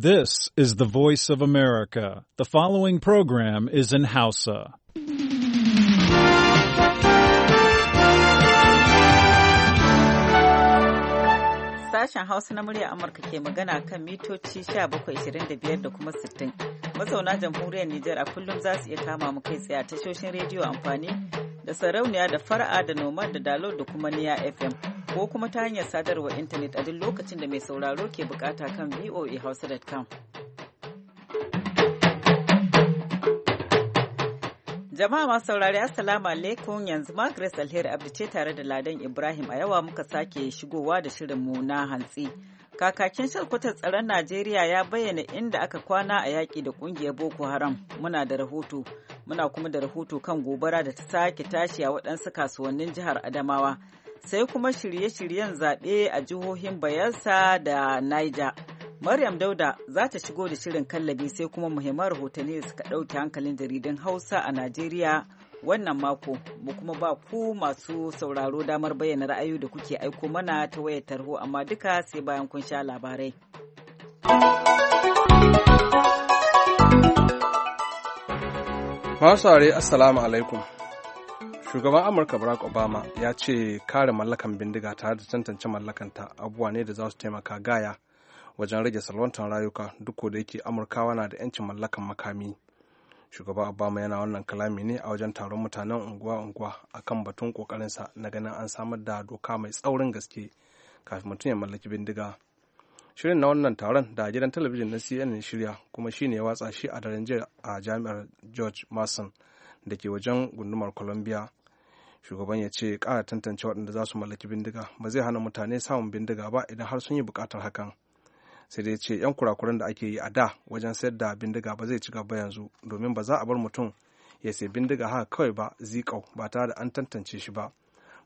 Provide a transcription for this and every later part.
This is the voice of America. The following program is in Hausa. Sashen Hausa na murya Amurka ke magana kan mitoci 1725 da kuma 60. Mazauna jamhuriyar Nijar a kullum za su iya kama mu kai tsaye a tashoshin rediyo amfani da sarauniya da fara'a da noma da dalo da kuma niya fm ko kuma ta hanyar sadarwa intanet a duk lokacin da mai sauraro ke bukata kan voahouse.com jama'a masu saurari assalamu alaikum yanzu ma grace alheri abdu ce tare da ladan ibrahim a yawa muka sake shigowa da shirin mu na hantsi Kakakin shalkwatar tsaron Najeriya ya bayyana inda aka kwana a yaƙi da ƙungiyar Boko Haram. Muna da rahoto. Muna kuma da rahoto kan gobara da ta sake tashi a waɗansu kasuwannin jihar Adamawa. Sai kuma shirye-shiryen zaɓe a jihohin Bayelsa da Niger. Maryam Dauda za ta shigo da shirin kallabi sai kuma muhimman rahotanni da suka ɗauke hankalin jaridun Hausa a Najeriya wannan mako mu kuma ba ku masu sauraro damar bayyana ra'ayoyi da kuke aiko mana ta wayar tarho amma duka sai bayan kun sha labarai. Masu saurare Assalamu alaikum. Shugaban Amurka Barack Obama ya ce kare mallakan bindiga tare da tantance mallakanta abubuwa ne da za su taimaka gaya wajen rage salwantar rayuka duk da yake Amurkawa na da 'yancin mallakan makami. shugaba obama yana wannan kalami ne a wajen taron mutanen unguwa-unguwa a kan batun kokarinsa na ganin an samar da doka mai tsaurin gaske kafin mutum ya mallaki bindiga shirin na wannan taron da gidan talabijin na cnn shirya kuma shine ya watsa shi a daren jiya a jami'ar george mason da ke wajen gundumar columbia shugaban ya ce kara tantance waɗanda za su mallaki bindiga ba zai hana mutane samun bindiga ba idan har sun yi bukatar hakan sai dai ce yan kurakuran da ake yi a da wajen sayar da bindiga ba zai ci gaba yanzu domin ba za a bar mutum ya sai bindiga haka kawai ba zikau ba tare da an tantance shi ba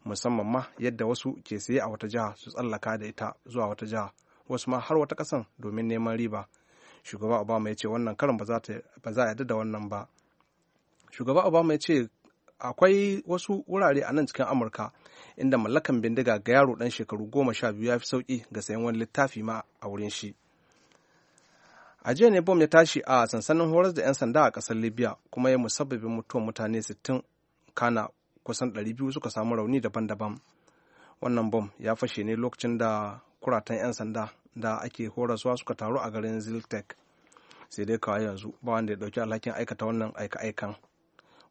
musamman ma yadda wasu ke saye a wata jiha su tsallaka da ita zuwa wata jiha wasu ma har wata kasan domin neman riba shugaba obama ya ce wannan karin ba za a yadda da wannan ba shugaba obama ya ce akwai wasu wurare a nan cikin amurka inda mallakan bindiga ga yaro dan shekaru goma sha biyu ya fi sauki ga sayan wani littafi ma a wurin shi a jiya ne bom ya tashi a sansanin horar da 'yan sanda a kasar libya kuma ya musabbabin mutuwar mutane 60 kana kusan 200 suka samu rauni daban-daban wannan bom ya fashe ne lokacin da kuratan 'yan sanda da ake horaswa suka taru a garin ziltek sai dai kawai yanzu ba wanda ya dauki alhakin aikata wannan aika-aikan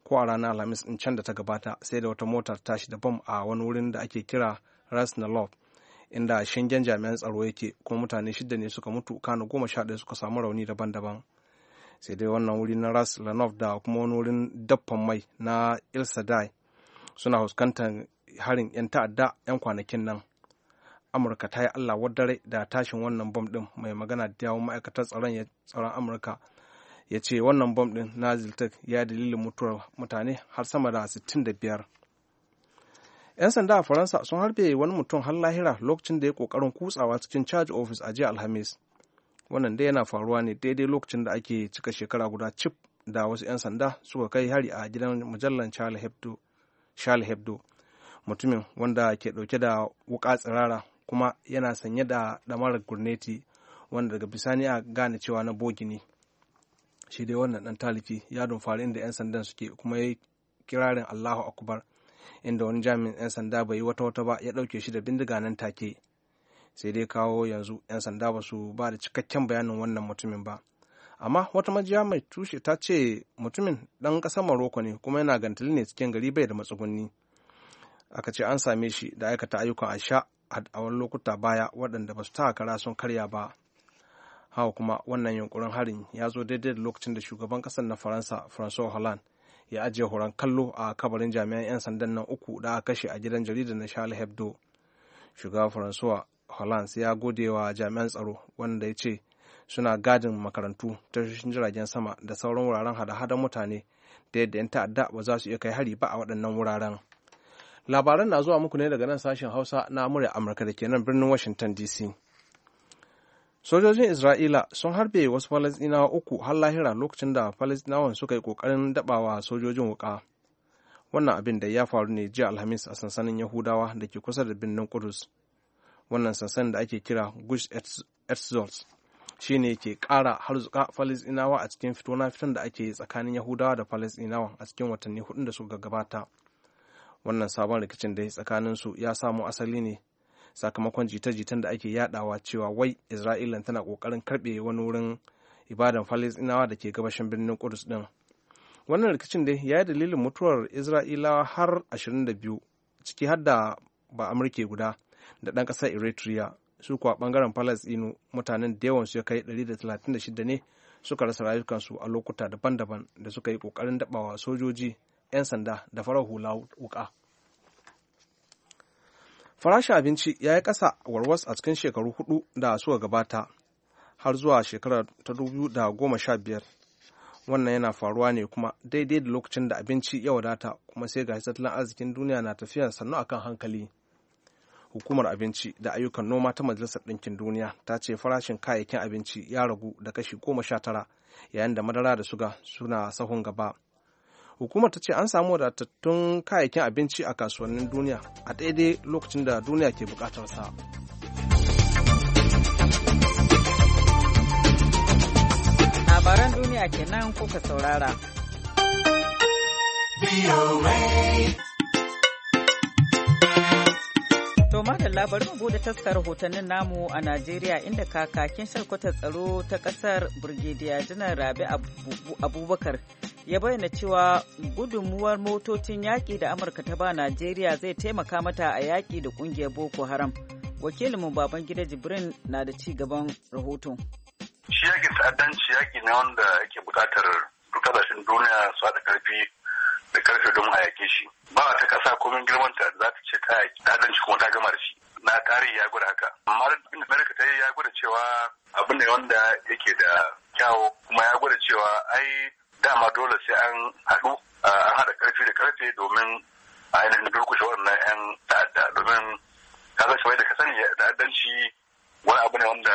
ko a ranar alhamis in can da ta gabata sai da wata motar tashi da bom a wani wurin da ake kira rasnalov inda shingen jami'an tsaro yake kuma mutane shida ne suka mutu kano goma sha ɗaya suka samu rauni daban-daban sai dai wannan wuri na ras lanov da kuma wani wurin dabban mai na ilsadai suna fuskantar harin 'yan ta'adda 'yan kwanakin nan amurka ta yi allah wadare da tashin wannan bom ɗin mai magana da yawon ma'aikatar tsaron tsaron amurka ya ce wannan bom ɗin na ziltek ya dalilin mutuwar mutane har sama da 65 'yan sanda a faransa sun harbe wani mutum har lahira lokacin da ya kokarin kutsawa cikin charge office a jiya alhamis wannan dai yana faruwa ne daidai lokacin da ake cika shekara guda cif da wasu 'yan sanda suka kai hari a gidan mujallar charles hebdo mutumin wanda ke dauke da wuka tsirara kuma yana sanye da damarar gurneti wanda daga bisani a gane cewa na bogi ne shi dai wannan dan talifi ya dumfari inda 'yan sandan suke kuma ya yi kirarin allahu akbar inda wani jami'in 'yan sanda bai yi wata wata ba ya ɗauke shi da bindiga nan take sai dai kawo yanzu 'yan sanda ba su ba da cikakken bayanin wannan mutumin ba amma wata majiya mai tushe ta ce mutumin ɗan ƙasar maroko ne kuma yana gantali ne cikin gari bai da matsugunni aka ce an same shi da aikata ayyukan asha a wani lokuta baya waɗanda ba su ta kara sun karya ba hawa kuma wannan yunkurin harin ya zo daidai da lokacin da shugaban ƙasar na faransa francois hollande ya ajiye horon kallo a kabarin jami'an 'yan sandan nan uku da aka kashe a gidan jaridar na Charles Hebdo. Shugaba Faransuwa Hollands ya gode wa jami'an tsaro wanda ya ce suna gadin makarantu, tashoshin jiragen sama da sauran wuraren hada hadar mutane da yadda 'yan ta'adda ba za su iya kai hari ba a waɗannan wuraren. Labaran na zuwa muku ne daga nan sashen Hausa na Amurka da ke nan birnin Washington DC. sojojin isra'ila sun harbe wasu falasɗinawa uku har lahira lokacin da falasɗinawan suka yi ƙoƙarin daɓawa sojojin wuƙa wannan abin da ya faru ne jiya alhamis a sansanin yahudawa da ke kusa da birnin kudus wannan sansanin da ake kira gush etzolz shi ne ke ƙara harzuka falasɗinawa a cikin fito na fitan da ake tsakanin yahudawa da falasɗinawa a cikin watanni hudun da suka gabata wannan sabon rikicin da tsakanin su ya samo asali ne sakamakon jita-jitan da ake yadawa cewa wai isra'ila tana kokarin karbe wani wurin ibadan falastinawa da ke gabashin birnin kudus din wannan rikicin dai ya yi dalilin mutuwar isra'ilawa har 22 ciki har da ba amurke guda da ɗan ƙasar eritrea su kuwa ɓangaren falastinu mutanen da yawan su ya kai 136 ne suka rasa rayukansu a lokuta daban-daban da suka yi ƙoƙarin daɓawa sojoji 'yan sanda da farar hula wuƙa. farashin abinci ya yi ƙasa warwas a cikin shekaru hudu da suka gabata har zuwa shekarar ta da goma sha biyar wannan yana faruwa ne kuma daidai da lokacin da abinci ya wadata kuma sai ga tattalin arzikin duniya na tafiya sannu akan hankali hukumar abinci da ayyukan noma ta majalisar ɗinkin duniya ta ce farashin kayayyakin abinci ya ragu da kashi goma sha tara yayin da madara da suga suna sahun gaba hukumar ta ce an samu wadatattun kayayyakin abinci a kasuwannin duniya a daidai lokacin da duniya ke bukatar sa. labaran duniya kenan kuka saurara. To madalla labarin mu bude taskar rahotannin namu a Najeriya inda kakakin shalkwata tsaro ta kasar Birgidiya Janar Rabi Abubakar ya bayyana cewa gudunmuwar motocin yaƙi da amurka ta ba najeriya zai taimaka mata a yaƙi da ƙungiyar boko haram wakilinmu baban gida jibrin na da ci gaban rahoton shi yaƙin ta'addanci yaƙi ne wanda yake buƙatar kasashen duniya su haɗa ƙarfi da ƙarfe don a yaƙe shi ba ta ƙasa komin girmanta za ta ce ta yaƙi ta'addanci kuma ta gama da shi na tarihi ya gwada haka amma abin amerika ta yi ya gwada cewa abin ne wanda yake da kyawu kuma ya gwada cewa ai dama dole sai an haɗu an haɗa ƙarfi da ƙarfe domin a ainihin durkushe waɗannan 'yan ta'adda domin zai shawai da ka sani ta'addanci wani abu ne wanda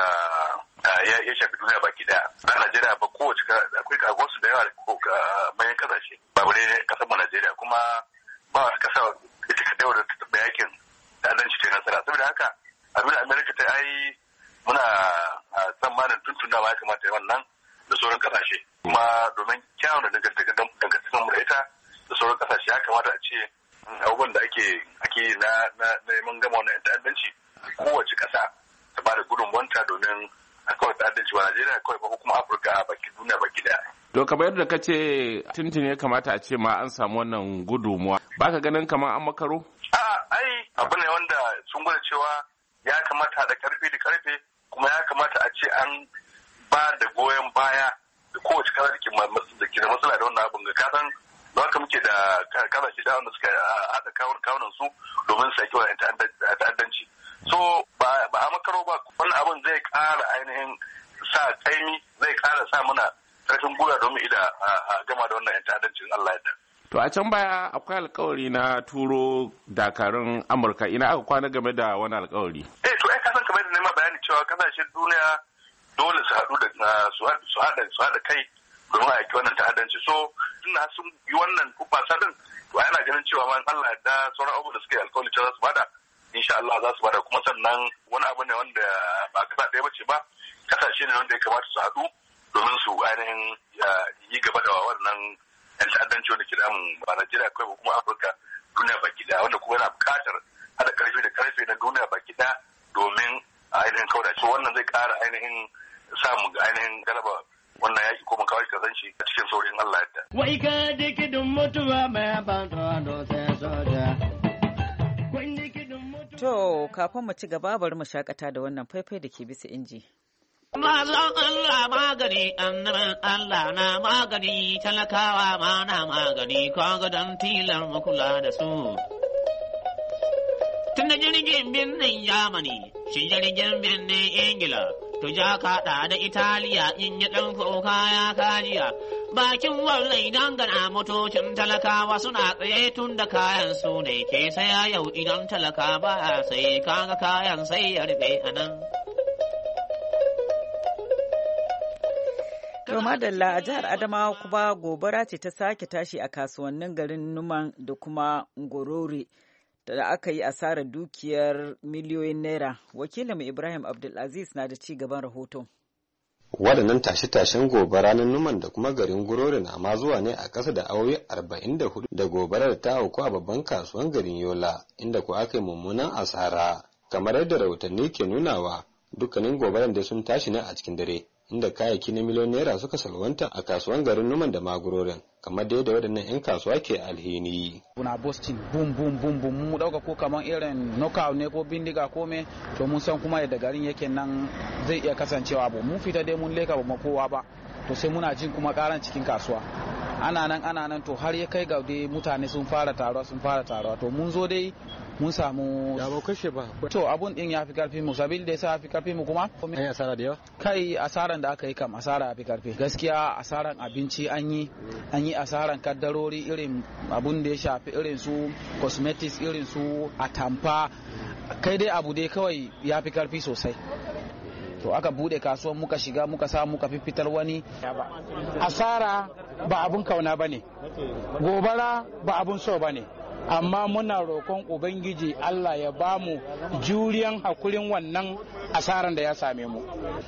ya shafi duniya baki daya na Najeriya ba kowace akwai kagosu da yawa ga manyan kasashe ba wani kasar ma Najeriya kuma ba wasu kasa ita ka dawo da taɓa yakin ta'addanci ta nasara saboda haka abin da Amerika ta yi muna tsammanin tuntunawa ya kamata yi wannan da sauran kasashe kuma domin kyawun da dangantakar mu da ita da sauran kasashe ya kamata a ce abubuwan da ake ake na neman gama wannan ta'addanci kowace kasa ta ba da gudunmuwanta domin a kawai ta'addanci ba Najeriya kawai ba kuma Afirka baki duniya baki daya To kamar yadda ka ce tuntun ya kamata a ce ma an samu wannan gudunmuwa. baka ganin kamar an makaro? A ai abu ne wanda sun gwada cewa ya kamata da karfe da karfe kuma ya kamata a ce an ba da goyon baya da kowace kasa da ke da matsala da wannan abin ga kasan da haka muke da shi da wanda suka haɗa kawar kawunan su domin su yake wani ta'addanci so ba a makaro ba wani abin zai ƙara ainihin sa tsaimi zai ƙara sa mana ƙarfin gwiwa domin ida a gama da wannan ta'addancin Allah ya To a can baya akwai alkawari na turo dakarun Amurka ina aka kwana game da wani alkawari. Eh to ai kasan kamar da nema bayani cewa kasashen duniya dole su haɗu da su haɗa su haɗa kai domin aiki wannan ta'addanci so ina sun yi wannan kubasa din to ana ganin cewa ma Allah ya da sauran abubuwa da suka yi alkawari cewa su bada insha Allah za su bada kuma sannan wani abu ne wanda ba kasa ɗaya bace ba kasashe ne wanda ya kamata su haɗu domin su ainihin yi gaba da wannan yan ta'addanci wanda ke mu ba Najeriya kawai ba kuma Afirka duniya baki ɗaya wanda kuma yana buƙatar haɗa ƙarfi da ƙarfe na duniya baki ɗaya domin ainihin da so wannan zai ƙara ainihin sa mu ga ainihin galaba wannan yaki ko mun kawo shi kazan shi a cikin saurin Allah yadda. Wai ka dikidin mutuwa mai bantuwa dosai soja. To, kafin mu ci gaba bari mu shakata da wannan faifai da ke bisa inji. Mazan Allah magani, annaban Allah na magani, talakawa ma na magani, kaga don tilar makula da su. Tun da jirgin birnin Yamani, shi jirgin birnin Ingila, to ja kaɗa da Italiya in yi ɗan kuka ya kariya. Bakin wallai dangana motocin talakawa suna tsaye tun da kayan su ne ke saya yau idan talaka ba sai kaga kayan sai ya rufe a nan. To madalla a jihar Adamawa kuma gobara ce ta sake tashi a kasuwannin garin Numan da kuma Ngorore. da aka yi asarar dukiyar miliyoyin naira wakilinmu ibrahim abdulaziz na da ci gaban rahoton waɗannan tashe-tashen gobara na numan da kuma garin gurori na ma zuwa ne a ƙasa da aure arba'in da hudu da gobarar ta auku a babban kasuwan garin yola inda ku aka yi mummunan asara kamar yadda rahotanni ke nunawa dukkanin gobaran da sun tashi ne a cikin dare inda kayayyaki na miliyon naira suka salwanta a kasuwan garin numan da magurorin kamar da waɗannan 'yan kasuwa ke alheni. Muna Boston bum bum bum bum mu dauka ko kamar irin knockout ne ko bindiga ko me to mun san kuma yadda garin yake nan zai iya kasancewa ba mu fita dai mun leka ba kowa ba to sai muna jin kuma karan cikin kasuwa ana nan ana nan to har ya kai ga dai mutane sun fara taruwa sun fara taruwa to mun zo dai mun samu ya kashe ba to abun din ya fi karfi mu sabil da yasa fi karfi mu kuma ai asara da yawa kai asaran da aka yi kam asara fi karfi gaskiya asaran abinci an yi an yi asaran kaddarori irin abun da ya shafi irin su cosmetics irin su atamfa kai dai abu dai kawai ya fi karfi sosai to aka bude kasuwan muka shiga muka sa muka fitar wani asara ba abun kauna bane gobara ba abun so bane amma muna roƙon ubangiji Allah ya ba mu juriyan hakurin wannan asaran da ya same mu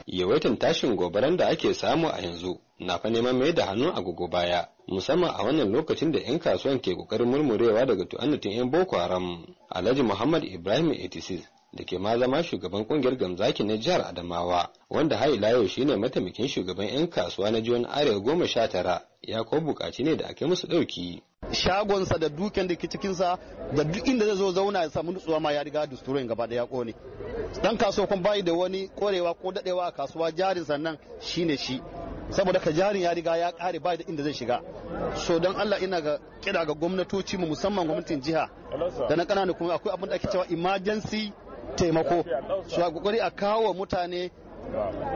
yawaitin tashin gobaran da ake samu a yanzu na fa neman mai da hannu a gogo baya musamman a wannan lokacin da 'yan kasuwan ke kokarin murmurewa daga tu'annatin 'yan boko haram alhaji muhammad ibrahim 86 da ke ma zama shugaban kungiyar gamzaki na jihar adamawa wanda har ila yau shine mataimakin shugaban 'yan kasuwa na jihar arewa goma sha tara ya kuma bukaci ne da ake musu ɗauki. shagonsa da duken da ke cikinsa da duk inda zai zo zauna ya samu nutsuwa ma ya riga dusturin gaba da ya kone dan kasuwa kuma bayi da wani korewa ko dadewa a kasuwa jarin sannan shine shi saboda ka jarin ya riga ya kare bayi da inda zai shiga so don Allah ina ga kira ga gwamnatoci mu musamman gwamnatin jiha da na kanana kuma akwai abin da ake cewa emergency taimako su kokari a kawo wa mutane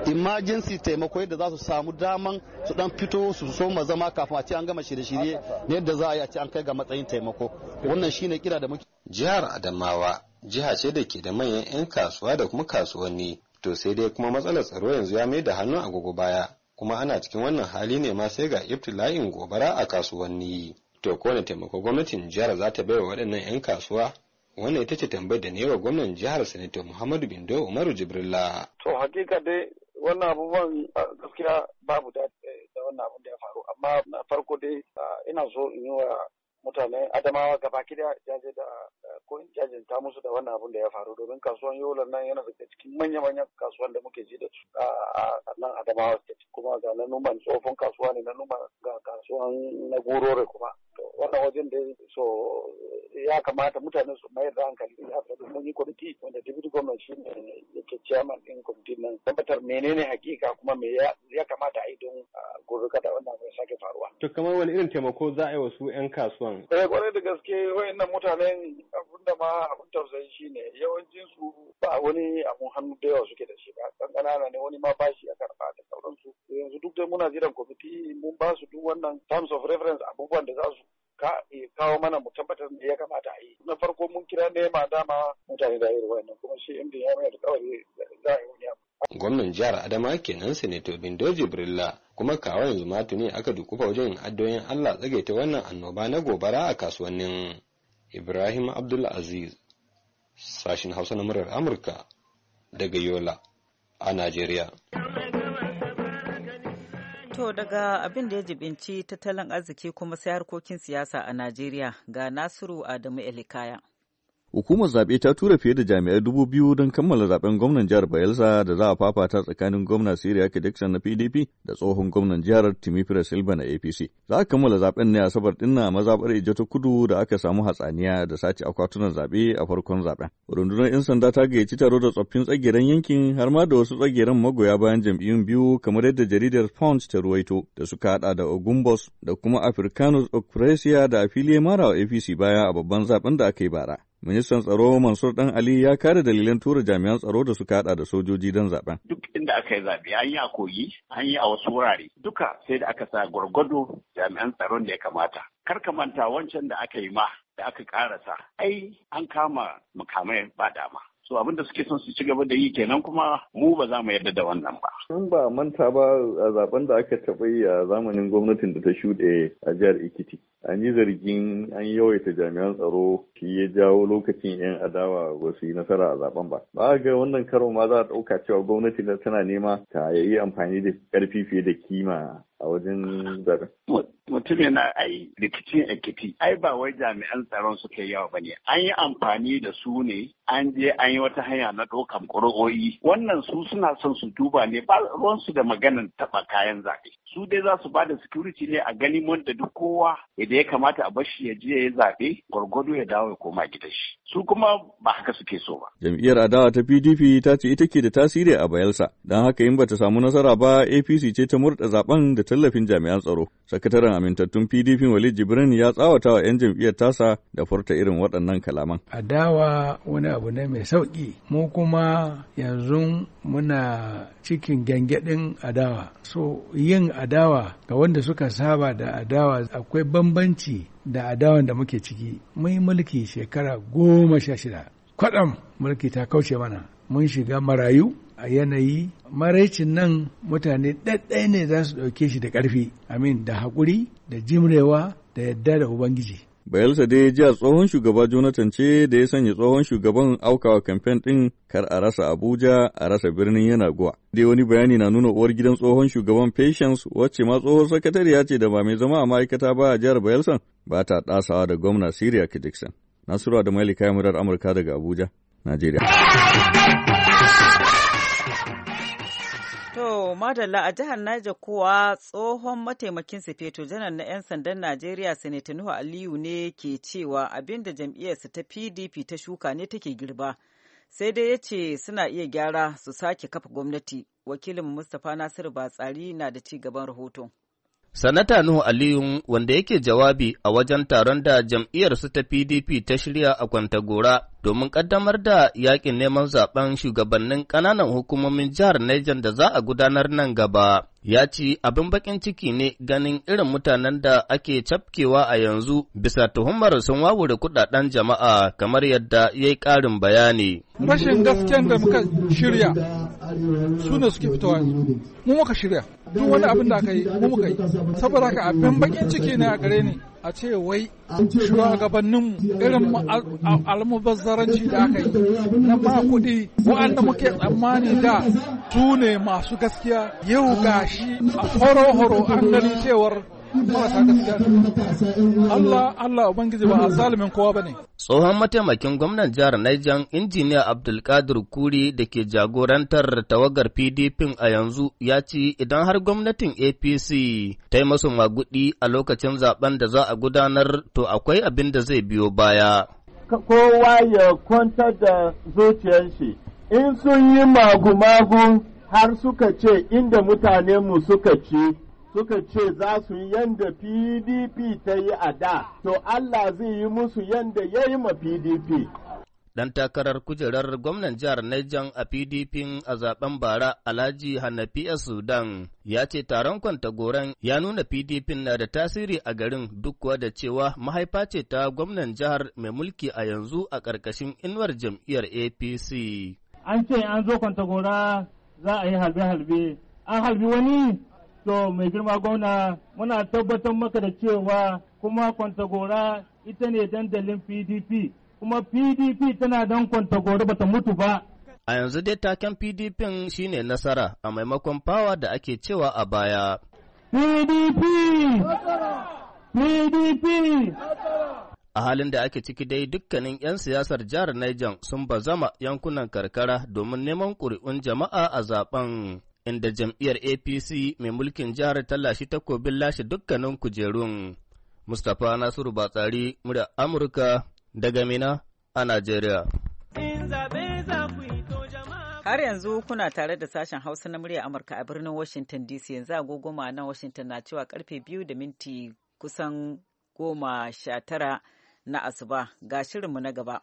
emergency taimako yadda za su samu daman su dan fito su so zama kafin a ce an gama shirye-shirye ne yadda za a yi a ce an kai ga matsayin taimako wannan shine kira da muke jihar adamawa jiha ce da ke da manyan 'yan kasuwa da kuma kasuwanni to sai dai kuma matsalar tsaro yanzu ya mai da hannu agogo baya kuma ana cikin wannan hali ne ma sai ga ibtila'in gobara a kasuwanni to kowane taimako gwamnatin jihar za ta baiwa waɗannan 'yan kasuwa wannan ita ce tambayar da ne wa gwamnan jihar sanito muhammadu bindo umaru jibrila to hakika dai wannan abubuwan gaskiya babu eh, da wannan abun da ya faru amma na farko dai ina so in yi wa mutane adamawa gaba kida jaje da ko in jajinta musu da wannan abun da ya faru domin kasuwan yolan nan yana daga cikin manya-manyan kasuwan da muke ji da su a nan adamawa state kuma ga na numan tsofin kasuwa ne na numan ga kasuwan na gorore kuma wannan wajen da so ya kamata mutane su mayar da hankali ya faɗi mun yi kwamiti wanda deputy gwamnan shi ne yake chairman ɗin kwamiti nan tabbatar menene hakika kuma me ya kamata a yi don gobe kada wannan ya sake faruwa. To kamar wani irin taimako za a yi wa su 'yan kasuwan Mm. Eh kwarai da gaske nan mutanen abin da ma abin tausayi shine yawancin su ba wani abun hannu da yawa suke da shi ba dan kanana ne wani ma ba shi a karba da sauransu yanzu duk dai muna jiran kwamiti mun ba su duk wannan terms of reference abubuwan da za su kawo mana mu tabbatar da ya kamata a yi na farko mun kira nema dama mutane da irin wannan kuma shi inda ya mai da kawai za a yi wani abu gwamnan jihar adama kenan sanato bindo jibrilla kuma kawo yanzu ma tuni aka dukufa wajen addoyin allah tsage ta wannan annoba na gobara a kasuwannin ibrahim AbdulAziz – aziz sashin hausa na murar amurka daga yola a najeriya To daga abin da ya jibinci tattalin arziki kuma sai harkokin siyasa a Najeriya ga Nasiru Adamu Elikaya. Hukumar zaɓe ta tura fiye da jami'ai dubu biyu don kammala zaɓen gwamnan jihar Bayelsa da za a fafata tsakanin gwamna Siriya Kedekson na PDP da tsohon gwamnan jihar Timifira Silva na APC. Za a kammala zaɓen ne Asabar ɗin na mazaɓar Ijo ta Kudu da aka samu hatsaniya da sace akwatunan zaɓe a farkon zaɓen. Rundunar 'yan sanda ta gayyaci taro da tsoffin tsageren yankin har ma da wasu tsageren magoya bayan jam'iyyun biyu kamar yadda jaridar Punch ta ruwaito da suka haɗa da Ogumbos da kuma Africanus Ocresia da Afilie Mara APC baya a babban zaɓen da aka yi bara. Ministan tsaro Mansur Dan Ali ya kare dalilan tura jami'an tsaro da suka hada da sojoji don zaben. Duk inda aka yi zaɓe an yi a kogi, an yi a wasu wurare. Duka sai da aka sa gwargwado jami'an tsaron da ya kamata. Kar ka manta wancan da aka yi ma da aka karasa. Ai an kama mukamai ba dama. so abin da suke son su ci gaba da yi kenan kuma mu ba za mu yarda da wannan ba. In ba manta ba a zaben da aka taɓa yi a zamanin gwamnatin da ta shuɗe a jihar Ekiti. an yi zargin an yawaita jami'an tsaro shi ya jawo lokacin 'yan adawa ba su yi nasara a zaben ba ba ga wannan karo ma za a ɗauka cewa gwamnati tana nema ta yi amfani da ƙarfi fiye da kima a wajen zaben mutum yana yi rikicin ekiti ai ba wai jami'an tsaron suke yawa ba ne an yi amfani da su ne an je an yi wata hanya na ɗaukan ƙuri'o'i wannan su suna son su duba ne ba ruwansu da maganan taɓa kayan zaɓe su dai za su ba da security ne a gani wanda duk kowa da ya kamata a shi ya je ya zaɓe gwargwado ya dawo ya koma gidan shi su kuma ba haka suke so ba jam'iyyar adawa ta PDP ta ce ita ke da tasiri a Bayelsa don haka in ba ta samu nasara ba APC ce ta murda zaben da tallafin jami'an tsaro sakataren amintattun PDP Walid Jibrin ya tsawata wa 'yan jam'iyyar tasa da furta irin waɗannan kalaman adawa wani abu ne mai sauki mu kuma yanzu muna cikin gyangyaɗin adawa so yin adawa ga wanda suka saba da adawa akwai bambanci bambanci da adawan da muke ciki mun yi mulki shekara goma sha shida kwaɗam mulki ta kauce mana mun shiga marayu a yanayi maraicin nan mutane ɗaɗɗai ne za su ɗauke shi da ƙarfi amin da haƙuri da jimrewa da yadda da ubangiji Bayelsa dai jiya tsohon shugaba Jonathan ce da ya sanya tsohon shugaban aukawa kamfen ɗin kar a rasa Abuja a rasa birnin yana guwa. Dai wani bayani na nuna uwar gidan tsohon shugaban Patience wacce ma tsohon sakatariya ce da ba mai zama a ma'aikata ba a jihar Bayelsa ba ta ɗasawa da gwamna Siriya Kidikson. Nasiru da Malika Yamurar Amurka daga Abuja, Najeriya. Madalla a jihar Niger kuwa tsohon mataimakin sufeto janar na 'yan sandan Najeriya Sanata Nuhu Aliyu ne ke cewa abinda jam'iyyarsa ta PDP ta shuka ne take girba. Sai dai ya ce suna iya gyara su sake kafa gwamnati. Wakilin Mustapha Nasiru Batsari na da ci gaban rahoton. Sanata Nuhu Aliyu wanda yake jawabi a wajen taron da jam'iyyarsu ta PDP ta shirya a Kwantagora domin ƙaddamar da yakin neman zaɓen shugabannin ƙananan hukumomin jihar Niger da za a gudanar nan gaba. Ya ci abin baƙin ciki ne ganin irin mutanen da ake cafkewa a yanzu bisa tuhumar sun wawure kudaden jama'a kamar yadda ya yi ƙarin bayani. Rashin gasken da muka shirya su ne suke fitowa yanzu, mu muka shirya, duk wani abin da aka yi mu muka yi, saboda haka abin baƙin ciki ne a gare ni. a ce wai shugabannin irin almubazzaranci da aka yi na ba kuɗi wa'anda muke tsammani da su ne masu gaskiya yau gashi a horo-horo an gani cewar Allah Allah Ubangiji ba a zalimin kowa ba ne. Tsohon mataimakin gwamnan jihar Niger injiniya Abdulkadir Kuri da ke jagorantar tawagar PDP a yanzu ya ci idan har gwamnatin APC ta yi masu magudi a lokacin zaben da za a gudanar to akwai abin da zai biyo baya. Kowa ya kwanta da zuciyar shi in sun yi magumagu har suka ce inda mutanenmu suka ci suka ce za su yi yadda PDP ta yi a da, to Allah zai yi musu yadda ya yi ma PDP. Ɗan takarar kujerar gwamnan jihar Niger a PDP a zaben bara Alhaji Hanafi a Sudan ya ce taron kwantagoran ya nuna PDP na da tasiri a garin duk kuwa da cewa mahaifa ce ta gwamnan jihar mai mulki a yanzu a ƙarƙashin inuwar jam'iyyar APC. An ce an zo gora za a yi halbe-halbe, an halbi wani So mai girma gwamna muna tabbatar maka da cewa kuma kwantagora ita ne dandalin PDP kuma PDP tana don kwantagora bata mutu ba. A yanzu dai taken PDP shine nasara a maimakon fawa da ake cewa a baya. PDP! PDP! A halin da ake ciki dai dukkanin 'yan siyasar jihar Niger sun bazama yankunan karkara domin neman ƙuri'un jama'a a zaben. inda jam'iyyar APC mai mulkin jihar ta lashe lashe dukkanin kujerun. Mustapha Nasiru Batsari, murya Amurka daga Mina a Najeriya. Har yanzu kuna tare da sashen Hausa na murya Amurka a birnin Washington DC yanzu agogoma na Washington na cewa karfe biyu da minti kusan goma sha tara na asuba ga shirinmu na gaba.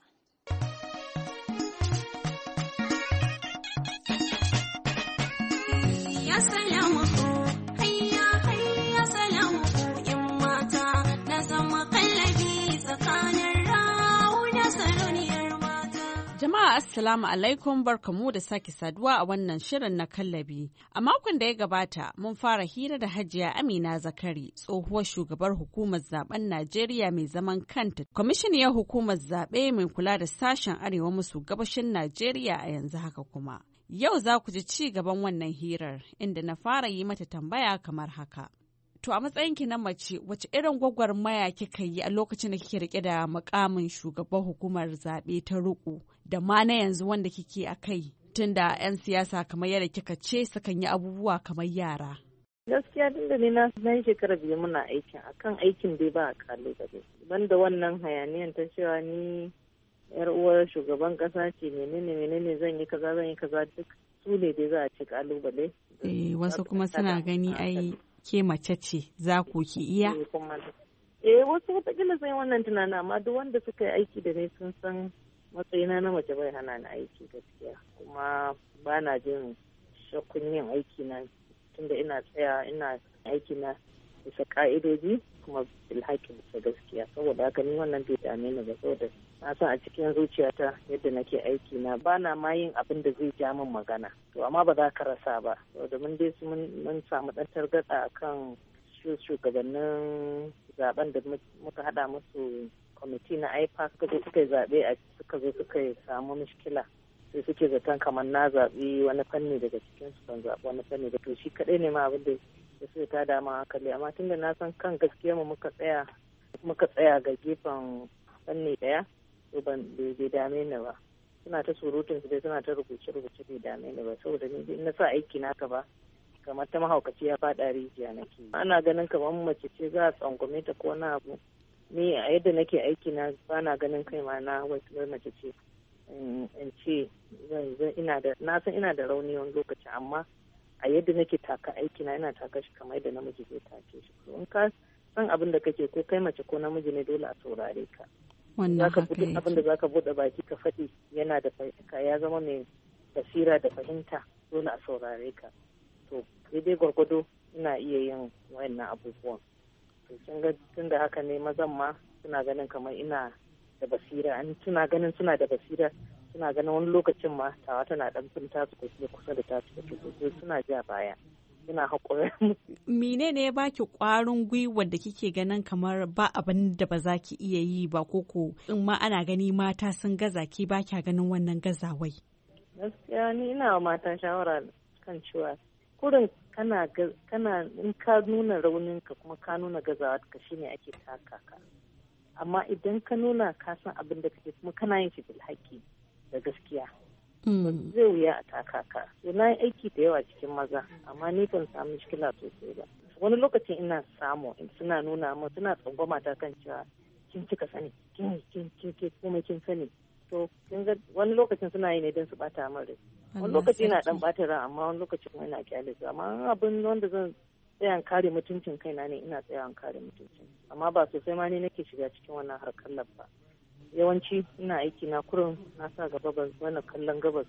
Assalamu alaikum barkamu da sake saduwa a wannan shirin na kallabi. A makon da ya gabata mun fara hira da Hajiya Amina Zakari tsohuwar shugabar hukumar zaben Najeriya mai zaman kanta. Kwamishiniyar hukumar zaɓe mai kula da sashen arewa musu gabashin Najeriya a yanzu haka kuma. Yau za ku ji ci gaban wannan hirar inda na fara yi mata tambaya kamar haka. To a matsayin ki na mace wace irin gwagwarmaya kika yi a lokacin da kike rike da makamin shugaban hukumar zaɓe ta riƙo da ma na yanzu wanda kike a kai tun da 'yan siyasa kamar yadda kika ce sukan yi abubuwa kamar yara. Gaskiya tun da ni na yi shekara biyu muna aikin kan aikin dai ba a kalubale. Banda wannan hayaniyan ta cewa ni yar uwar shugaban kasa ce menene menene zan yi kaza zan yi kaza duk su ne dai za a ci kalubale. Eh wasu kuma suna gani ai ke mace ce za ku ki iya? Eh, eh wasu watakila zai wannan tunanin amma duk wanda suka yi aiki da ni sun san matsayina na mace bai hana ni aiki gaskiya kuma ba na jin shakkun yin aiki na tunda ina tsaya ina aiki na bisa ka'idoji kuma bilhakin bisa gaskiya saboda haka ni wannan bai dame ni ba saboda na san a cikin zuciyata yadda nake aiki na ba na ma yin abin da zai ja min magana to amma ba za ka rasa ba domin dai mun samu dan targaɗa kan shugabannin zaben da muka haɗa musu kwamiti na ipac suka zo suka zaɓe a suka zo suka samu mishkila sai suke zaton kamar na zaɓi wani fanni daga cikin su ban zaɓi wani fanni da to shi kaɗai ne ma abin da ya sai ta dama kalli amma tunda na san kan gaskiya mu muka tsaya muka tsaya ga gefen fanni ɗaya to eh, ban bai dame ni ba suna ta surutun su dai suna ta rubuce rubuce bai dame ni ba saboda ni na sa aiki ka ba kamar ta mahaukaci ya faɗa rijiya nake ana ganin kamar mace ce za a tsangwame ta ko na abu ni a yadda nake aiki na ba na ganin kai ma na wasu mace ce in ce ina da na san ina da rauni wani lokaci amma a yadda nake taka aiki na ina taka shi kamar yadda namiji zai take shi in ka san abin da kake ko kai mace ko namiji ne dole a saurare ka wannan haka duk abin da zaka bude baki ka faɗi yana da fahimta ya zama mai basira da fahimta dole a saurare ka to daidai gwargwado ina iya yin wayannan abubuwan to kin ga tunda haka ne mazan ma suna ganin kamar ina da basira an suna ganin suna da basira suna ganin wani lokacin ma tawa tana dan su tasu kusa da tasu sosai suna ja baya ina haƙuri Mine ne ya baki ƙwarin gwiwa da kike ganin kamar ba abin da ba za ki iya yi ba koko in ma ana gani mata sun gaza ki ba kya ganin wannan gazawai? Gaskiya ni ina wa mata shawara kan cewa kurin kana in ka nuna raunin ka kuma ka nuna gazawa ka shi ne ake taka ka. Amma idan ka nuna ka san abin da kake kuma kana yin shi bilhaki da gaskiya. zai wuya a taka ka na yi aiki da yawa cikin maza amma ni ban samu shikila sosai ba wani lokacin ina samu in suna nuna suna tsangwama ta kan cewa kin cika sani kin kin kin kuma kin sani to kin ga wani lokacin suna yi ne don su bata min rai wani lokaci ina dan bata ran amma wani lokacin kuma ina kyale su amma abin wanda zan tsaya kare mutuncin kai na ne ina tsayan kare mutuncin amma ba sosai ma ne nake shiga cikin wannan harkar ba yawanci ina aiki na kurin na sa gaba ba wani kallon gabas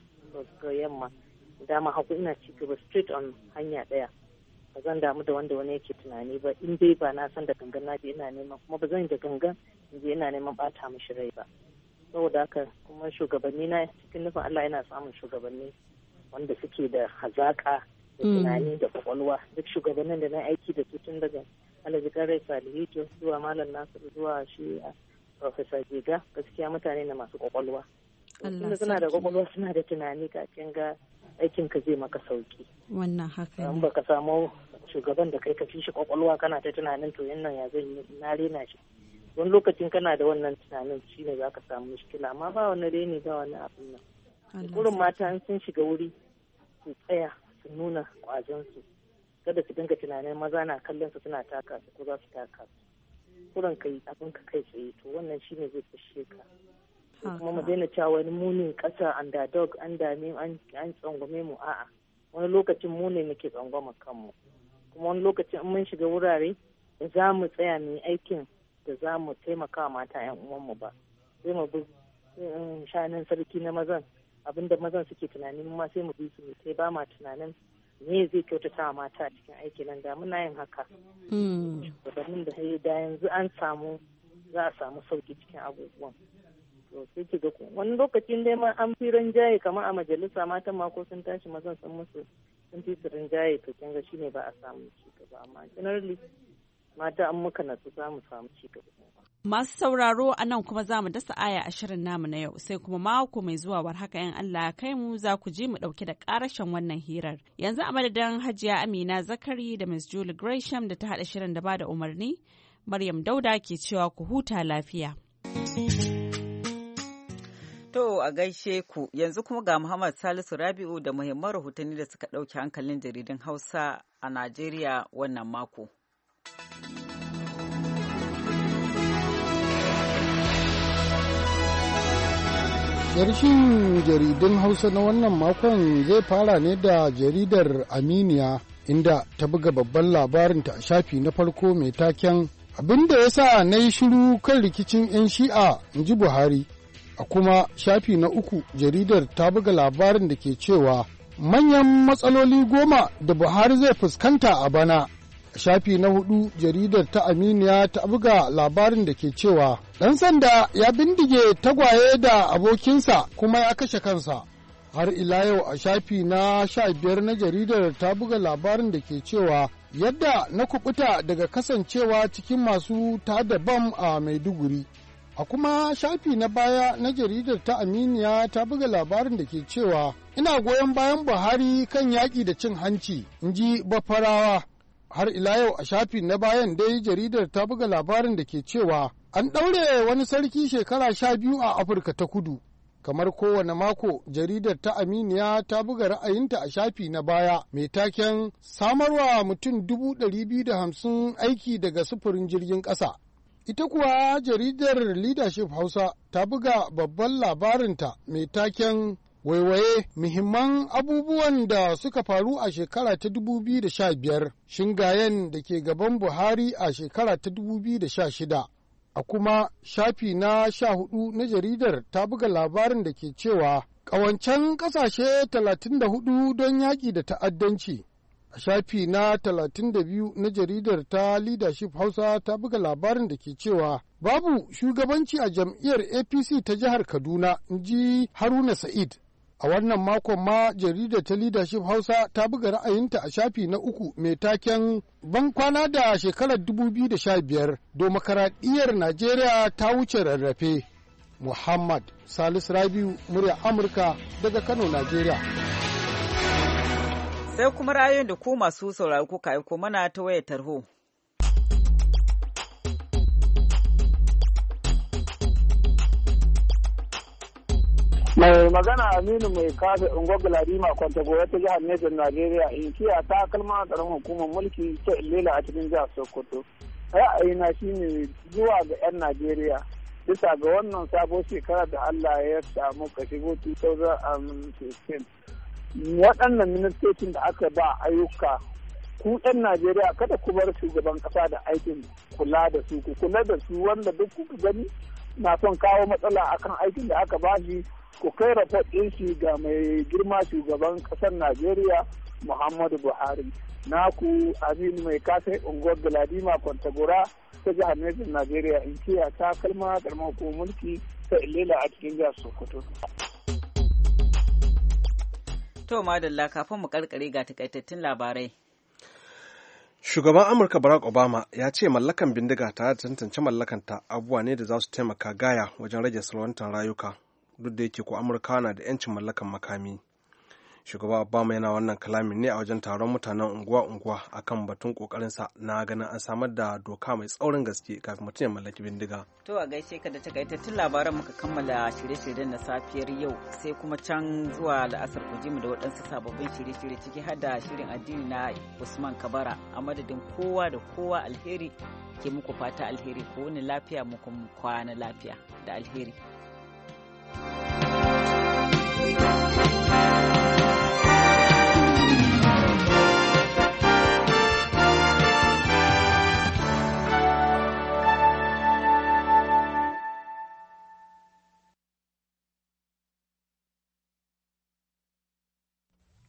ga yamma dama haku ina ci gaba straight on hanya daya ba zan damu da wanda wani yake tunani ba in dai ba na san da gangan na je ina neman kuma ba zan da gangan in je ina neman bata mishi rai ba saboda haka kuma shugabanni na cikin nufin Allah yana samun shugabanni wanda suke da hazaka da hmm. tunani da kwakwalwa duk shugabannin da na aiki da su tun daga alhaji karai salihu zuwa malam nasiru zuwa shi Profesa Jiga, gaskiya mutane na masu kwakwalwa. Allah suna da kwakwalwa suna da tunani kafin ga aikin ka zai maka sauki. Wannan haka. ne. baka samu shugaban da kai ka fi shi kwakwalwa kana ta tunanin to yannan ya zan na rena shi. Wani lokacin kana da wannan tunanin ne za ka samu mushkila amma ba wani reni ba wani abin nan. Kurin mata an sun shiga wuri su tsaya su nuna kwazon su. Kada su dinga tunanin maza na kallon su suna taka su ko za su taka su. kuran ka yi abin ka kai tsaye to wannan shi ne zai fishe ka kuma mu daina cewa wani munin kasa underdog an dame an tsangwame mu a'a wani lokacin mu ne muke tsangwama kanmu kuma wani lokacin in mun shiga wurare da za mu tsaya mu yi aikin da za mu taimaka mata yan mu ba sai mu bi um, shanin sarki na mazan abinda mazan suke tunanin ma sai mu bi su sai ba ma tunanin me zai kyautata wa mata a cikin aiki nan da muna yin haka. Domin hmm. da da yanzu an samu za a samu sauki cikin abubuwan. To sai ki ga wani lokacin dai ma an fi rinjaye kamar a majalisa matan ma ko sun tashi mazan sun musu sun fi su rinjaye to kin ga shine ba a samu ci gaba amma generally mata an muka na za mu samu ci gaba. Masu sauraro a nan kuma za mu dasa aya a shirin namu na yau sai kuma mako mai zuwa war haka yan Allah kai mu za ku ji mu ɗauki da ƙarashen wannan hirar. Yanzu a madadin Hajiya Amina Zakari da Miss Julie Gresham da ta haɗa shirin da ba da umarni, Maryam Dauda ke cewa ku huta lafiya. To a gaishe ku yanzu kuma ga Muhammad Salisu Rabi'u da muhimman rahotanni da suka ɗauki hankalin jaridun Hausa a Najeriya wannan mako. Yarshin jaridun Hausa na wannan makon zai fara ne da jaridar Aminiya inda ta buga babban labarinta a shafi na farko mai taken abin da ya sa na yi shiru kan rikicin 'yan shi'a in ji Buhari. A kuma shafi na uku jaridar ta buga labarin da ke cewa manyan matsaloli goma da Buhari zai fuskanta a bana shafi na hudu jaridar ta aminiya ta buga labarin da ke cewa ɗan sanda ya bindige tagwaye da abokinsa kuma ya kashe kansa har ila yau a shafi na sha biyar na jaridar ta buga labarin da ke cewa yadda na kubuta daga kasancewa cikin masu ta bam a maiduguri a kuma shafi na baya na jaridar ta aminiya ta buga labarin da ke cewa ina goyon bayan buhari kan yaƙi da cin hanci in ji bafarawa har ila yau a shafi na bayan dai jaridar ta buga labarin da ke cewa an ɗaure wani sarki shekara sha biyu a afirka ta kudu kamar kowane mako jaridar ta aminiya ta buga ra'ayinta a shafi na baya mai taken samarwa mutum dubu ɗari biyu da hamsin aiki daga sufurin jirgin ƙasa ita kuwa jaridar leadership hausa ta buga babban labarinta mai taken waiwaye muhimman abubuwan da suka faru a shekara ta 2015 shingayen da ke gaban buhari a shekara ta 2016 a kuma shafi na sha na jaridar ta buga labarin da ke cewa ƙawancen ƙasashe 34 don yaƙi da ta'addanci a shafi na 32 na jaridar ta leadership hausa ta buga labarin da ke cewa babu shugabanci a jam'iyyar apc ta jihar kaduna in ji haruna sa'id A wannan makon ma jaridar ta Leadership Hausa ta buga ra'ayinta a shafi na uku mai taken ban kwana da shekarar 2015 domakaraɗiyar Najeriya ta wuce rarrafe. Muhammad Salis Rabiu murya Amurka daga Kano, Najeriya. Sai kuma ra'ayin da ku masu saurari kuka aiko mana ta wayar tarho. mai magana aminu mai kafe ungwagulari kwanta gobe ta jihar Nijar Najeriya in kiya ta kalma tsaron hukumar mulki ta illela a cikin jihar Sokoto. Ra'ayina shine zuwa ga 'yan Najeriya bisa ga wannan sabo shekara da Allah ya samu ka shigo 2016. Waɗannan ministocin da aka ba ayyuka ku 'yan Najeriya kada ku bar shugaban kasa da aikin kula da su ku kula da su wanda duk kuka gani na son kawo matsala akan aikin da aka bashi ku kai rafot ɗin shi ga mai girma shugaban ƙasar najeriya muhammadu buhari na ku aminu mai kasai unguwar galadima kwantagora ta jihar Nejin Najeriya in kiya ta kalma karamar hukumar mulki ta Ilela a cikin jihar Sokoto. To madalla kafin mu karkare ga takaitattun labarai. Shugaban Amurka Barack Obama ya ce mallakan bindiga tare da tantance mallakanta abubuwa ne da za su taimaka gaya wajen rage salwantar rayuka duk da yake ko Amurka na da 'yancin mallakan makami. shugaba obama yana wannan kalamin ne a wajen taron mutanen unguwa-unguwa akan batun kokarinsa na ganin an samar da doka mai tsaurin gaske kafin mutum ya mallaki bindiga to a gaishe ka da takaitattun labaran muka kammala shirye-shiryen na safiyar yau sai kuma can zuwa la'asar ku mu da waɗansu sababbin shirye-shirye ciki har da shirin addini na usman kabara a madadin kowa da kowa alheri ke muku fata alheri ko wani lafiya mu kwana lafiya da alheri